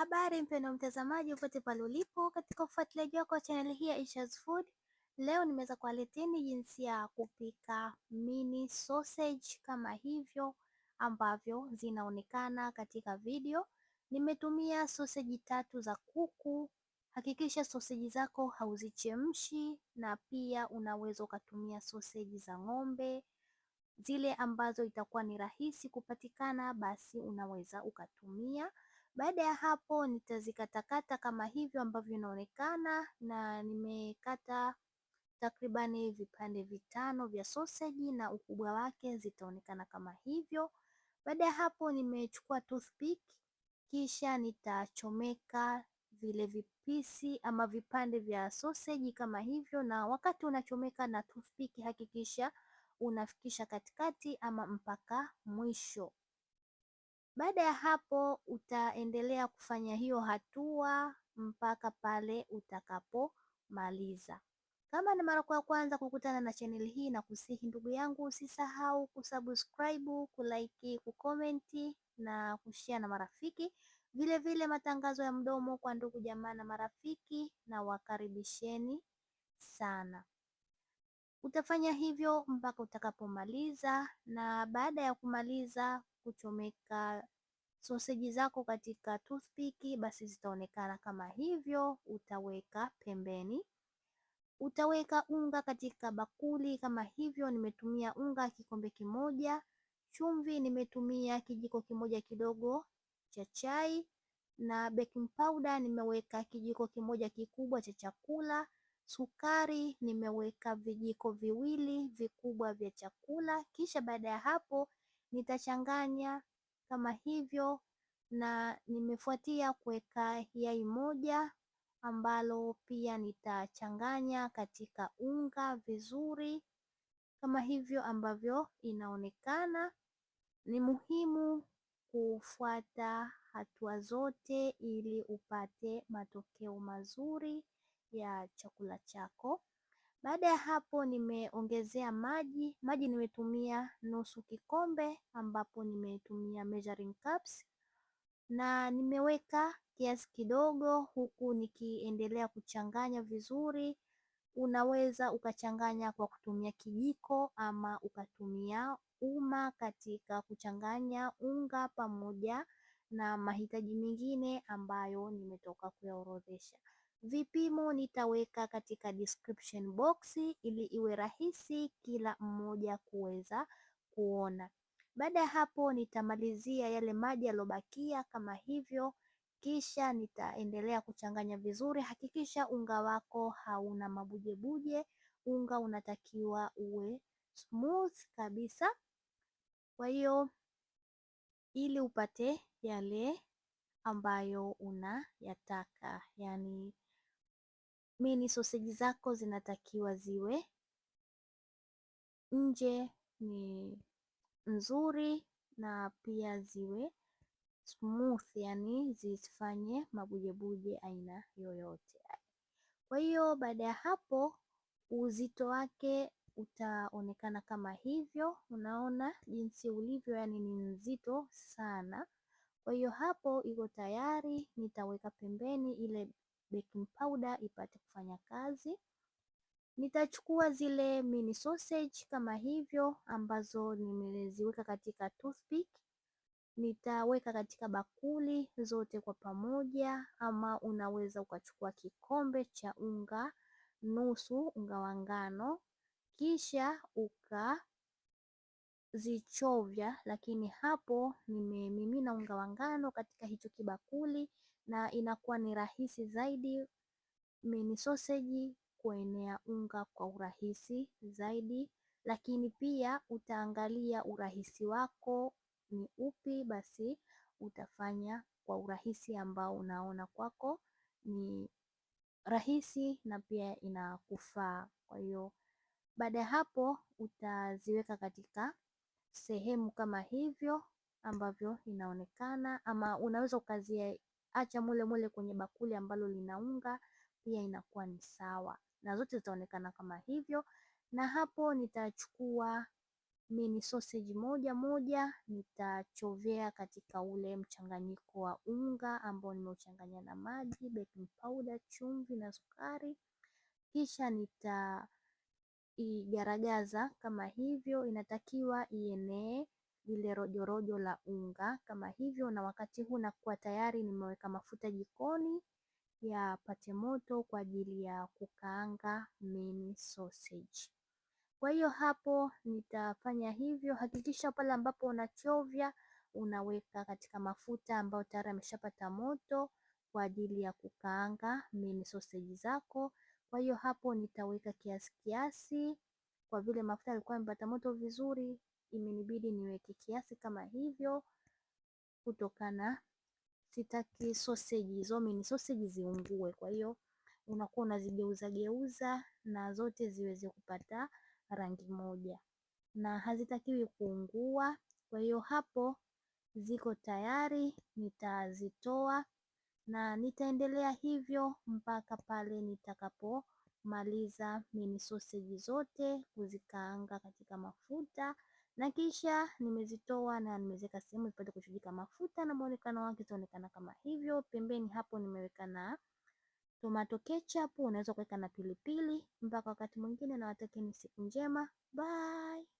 Habari mpendwa mtazamaji, popote pale ulipo katika ufuatiliaji wako wa chaneli hii ya Aisha's Food. Leo nimeweza kualeteni jinsi ya kupika mini sausage kama hivyo ambavyo zinaonekana katika video. Nimetumia soseji tatu za kuku. Hakikisha soseji zako hauzichemshi, na pia unaweza ukatumia soseji za ng'ombe zile ambazo itakuwa ni rahisi kupatikana, basi unaweza ukatumia baada ya hapo nitazikatakata kama hivyo ambavyo inaonekana na nimekata takribani vipande vitano vya soseji na ukubwa wake zitaonekana kama hivyo. Baada ya hapo nimechukua toothpick kisha nitachomeka vile vipisi ama vipande vya sausage kama hivyo, na wakati unachomeka na toothpick hakikisha unafikisha katikati ama mpaka mwisho. Baada ya hapo utaendelea kufanya hiyo hatua mpaka pale utakapomaliza. Kama ni mara yako ya kwanza kukutana na chaneli hii, na kusihi ndugu yangu, usisahau kusubscribe, kulike, kukomenti na kushare na marafiki. Vile vile matangazo ya mdomo kwa ndugu jamaa na marafiki, na wakaribisheni sana. Utafanya hivyo mpaka utakapomaliza na baada ya kumaliza kuchomeka soseji zako katika toothpick basi zitaonekana kama hivyo. Utaweka pembeni. Utaweka unga katika bakuli kama hivyo. Nimetumia unga kikombe kimoja, chumvi nimetumia kijiko kimoja kidogo cha chai, na baking powder nimeweka kijiko kimoja kikubwa cha chakula sukari, nimeweka vijiko viwili vikubwa vya chakula, kisha baada ya hapo nitachanganya kama hivyo, na nimefuatia kuweka yai moja ambalo pia nitachanganya katika unga vizuri kama hivyo ambavyo inaonekana. Ni muhimu kufuata hatua zote ili upate matokeo mazuri ya chakula chako. Baada ya hapo nimeongezea maji. Maji nimetumia nusu kikombe ambapo nimetumia measuring cups na nimeweka kiasi kidogo huku nikiendelea kuchanganya vizuri. Unaweza ukachanganya kwa kutumia kijiko ama ukatumia uma katika kuchanganya unga pamoja na mahitaji mengine ambayo nimetoka kuyaorodhesha. Vipimo nitaweka katika description box ili iwe rahisi kila mmoja kuweza kuona. Baada ya hapo nitamalizia yale maji yalobakia kama hivyo, kisha nitaendelea kuchanganya vizuri. Hakikisha unga wako hauna mabujebuje, unga unatakiwa uwe smooth kabisa. Kwa hiyo ili upate yale ambayo unayataka, yani mini soseji zako zinatakiwa ziwe nje ni nzuri na pia ziwe smooth, yani zisifanye mabujebuje aina yoyote. Kwa hiyo baada ya hapo uzito wake utaonekana kama hivyo, unaona jinsi ulivyo, yani ni nzito sana. Kwa hiyo hapo iko tayari, nitaweka pembeni ile baking powder ipate kufanya kazi. Nitachukua zile mini sausage kama hivyo ambazo nimeziweka katika toothpick. Nitaweka katika bakuli zote kwa pamoja, ama unaweza ukachukua kikombe cha unga, nusu unga wa ngano, kisha uka zichovya lakini hapo nimemimina unga wa ngano katika hicho kibakuli na inakuwa ni rahisi zaidi mini sausage kuenea unga kwa urahisi zaidi, lakini pia utaangalia urahisi wako ni upi, basi utafanya kwa urahisi ambao unaona kwako ni rahisi na pia inakufaa. Kwa hiyo baada ya hapo utaziweka katika sehemu kama hivyo ambavyo inaonekana ama unaweza ukaziacha mule mule kwenye bakuli ambalo lina unga pia inakuwa ni sawa na zote zitaonekana kama hivyo na hapo nitachukua mini sausage moja moja nitachovea katika ule mchanganyiko wa unga ambao nimeuchanganya na maji, baking powder, chumvi na sukari kisha nita igaragaza kama hivyo inatakiwa ienee lile rojorojo la unga kama hivyo, na wakati huu nakuwa tayari nimeweka mafuta jikoni yapate moto kwa ajili ya kukaanga mini sausage. Kwa hiyo hapo nitafanya hivyo. Hakikisha pale ambapo unachovya unaweka katika mafuta ambayo tayari ameshapata moto kwa ajili ya kukaanga mini sausage zako. Kwa hiyo hapo nitaweka kiasi kiasi, kwa vile mafuta yalikuwa yamepata moto vizuri, imenibidi niweke kiasi kama hivyo, kutokana sitaki sausage hizo mini sausage ziungue. Kwa hiyo unakuwa unazigeuza geuza na zote ziweze kupata rangi moja, na hazitakiwi kuungua. Kwa hiyo hapo ziko tayari, nitazitoa na nitaendelea hivyo mpaka pale nitakapomaliza mini sausage zote kuzikaanga katika mafuta, na kisha nimezitoa na nimeziweka sehemu ipate kuchujika mafuta, na muonekano wake utaonekana kama hivyo. Pembeni hapo nimeweka na tomato ketchup, unaweza kuweka na pilipili. Mpaka wakati mwingine, nawatakieni siku njema, bye.